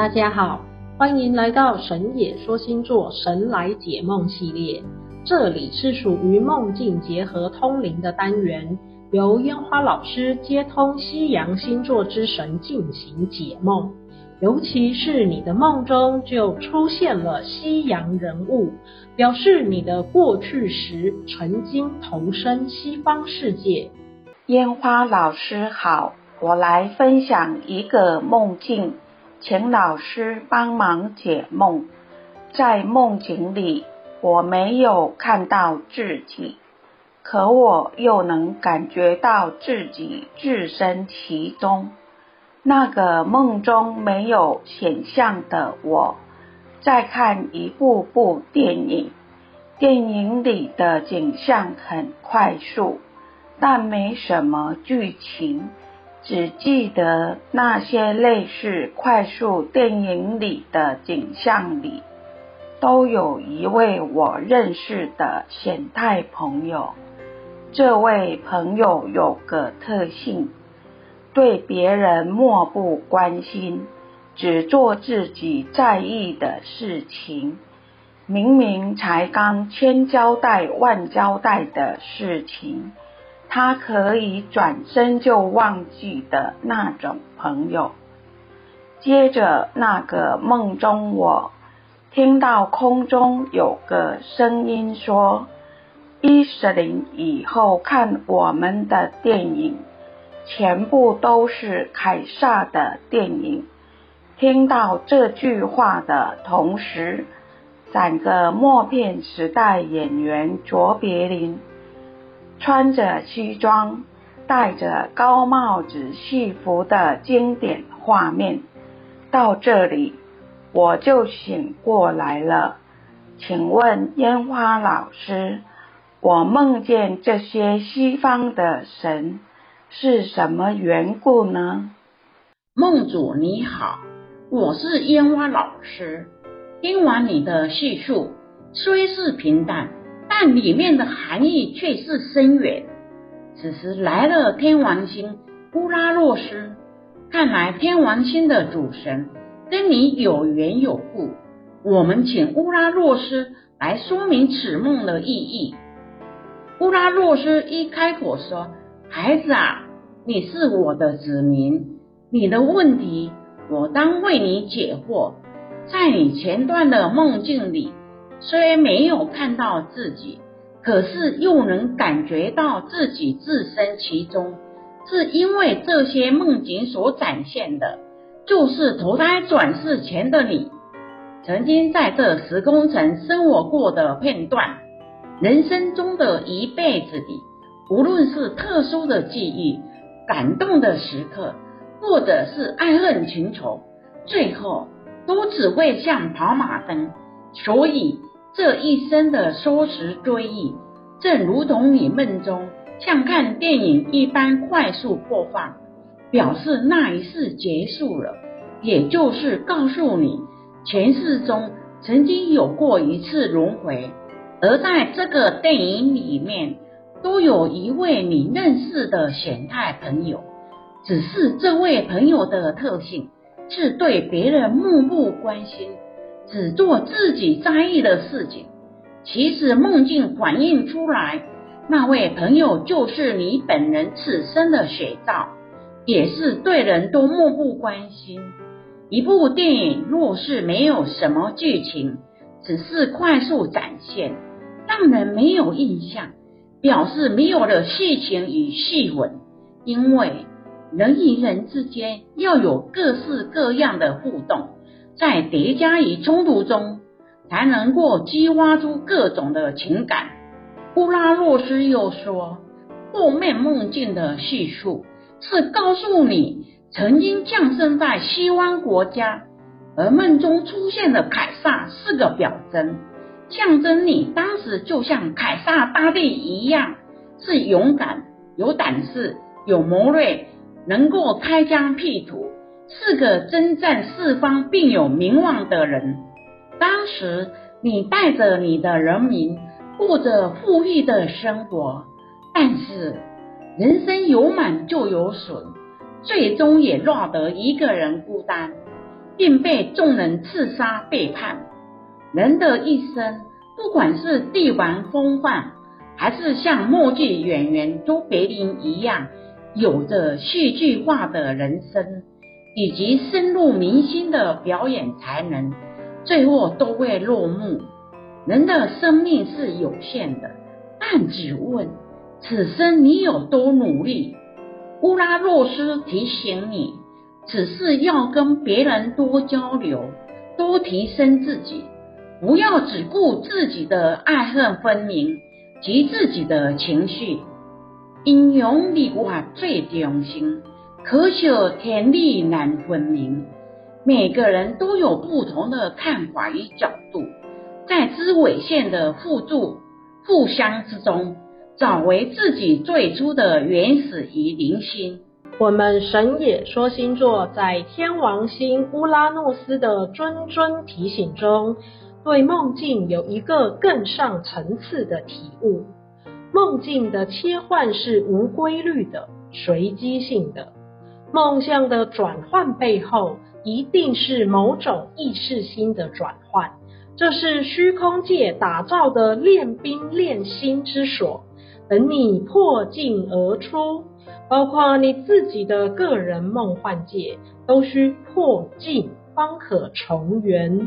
大家好，歡迎來到神野說星座神來解夢系列。這裡是屬於夢境結合通靈的單元，由煙花老師接通西洋星座之神進行解夢。尤其是你的夢中就出現了西洋人物，表示你的過去世曾經投身西方世界。煙花老師好，我來分享一個夢境。請老師幫忙解夢。在夢境裡，我沒有看到自己，可我又能感覺到自己置身其中。那個夢中沒有顯像的我，在看一部部電影。電影裡的景象很快速，但沒什麼劇情。只記得那些類似快速電影裡的景象裡，都有一位我認識的顯態朋友。這位朋友有個特性，對別人漠不關心，只做自己在意的事情。明明才剛千交代萬交代的事情。他可以轉身就忘記的那種朋友。接着，那個夢中我聽到空中有個聲音說：“一十年以後看我們的電影，全部都是凱撒的電影。”聽到這句話的同時，散個默片時代演員卓別林。穿着西裝、戴着高帽子、戲服的經典畫面，到這裡我就醒過來了。請問煙花老師，我夢見這些西方的神是什麼緣故呢？夢主你好，我是煙花老師。聽完你的敘述，雖是平淡，但裡面的含義卻是深遠。此時來了天王星烏拉諾斯，看來天王星的主神跟你有緣有故。我們請烏拉諾斯來說明此夢的意義。烏拉諾斯一開口說：“孩子啊，你是我的子民，你的問題我當為你解惑。在你前段的夢境裡。”雖然沒有看到自己，可是又能感覺到自己置身其中，是因為這些夢境所展現的，就是投胎轉世前的你，曾經在這時空城生活過的片段。人生中的一輩子裡，無論是特殊的際遇、感動的時刻，或者是愛恨情仇，最後都只會像跑馬燈。所以。這一生的搜食追憶，正如同你夢中像看電影一般快速播放，表示那一世結束了，也就是告訴你前世中曾經有過一次輪迴，而在這個電影裡面，都有一位你認識的顯太朋友，只是這位朋友的特性是對別人漠不關心。只做自己在意的事情。其實夢境反映出來，那位朋友就是你本人此生的寫照，也是對人都漠不關心。一部電影若是沒有什麼劇情，只是快速展現，讓人沒有印象，表示沒有了戲情與戲文。因為人與人之間要有各式各樣的互動。在疊加與衝突中，才能夠激發出各種的情感。烏拉諾斯又說，後面夢境的敘述是告訴你曾經降生在西方國家，而夢中出現的凱撒是個表徵，象徵你當時就像凱撒大帝一樣，是勇敢、有膽識、有謀略，能夠開疆闢土。是個征戰四方並有名望的人。當時你帶着你的人民過着富裕的生活，但是人生有滿就有損，最終也落得一個人孤單，並被眾人刺殺背叛。人的一生，不管是帝王風範，還是像默劇演員卓別林一樣，有着戲劇化的人生。以及深入民心的表演才能，最後都會落幕。人的生命是有限的，但只問：此生你有多努力？烏拉諾斯提醒你：此事要跟別人多交流，多提升自己，不要只顧自己的愛恨分明及自己的情緒。陰陽裡話最中心。可笑天地難分明，每個人都有不同的看法與角度，在支緯線的互助、互相之中，找回自己最初的原始與靈性。我們神野說星座在天王星烏拉諾斯的諄諄提醒中，對夢境有一個更上層次的體悟。夢境的切換是無規律的、隨機性的。夢想的轉換背後，一定是某種意識心的轉換。這是虛空界打造的練兵練心之所。等你破鏡而出，包括你自己的個人夢幻界，都需破鏡方可重圓。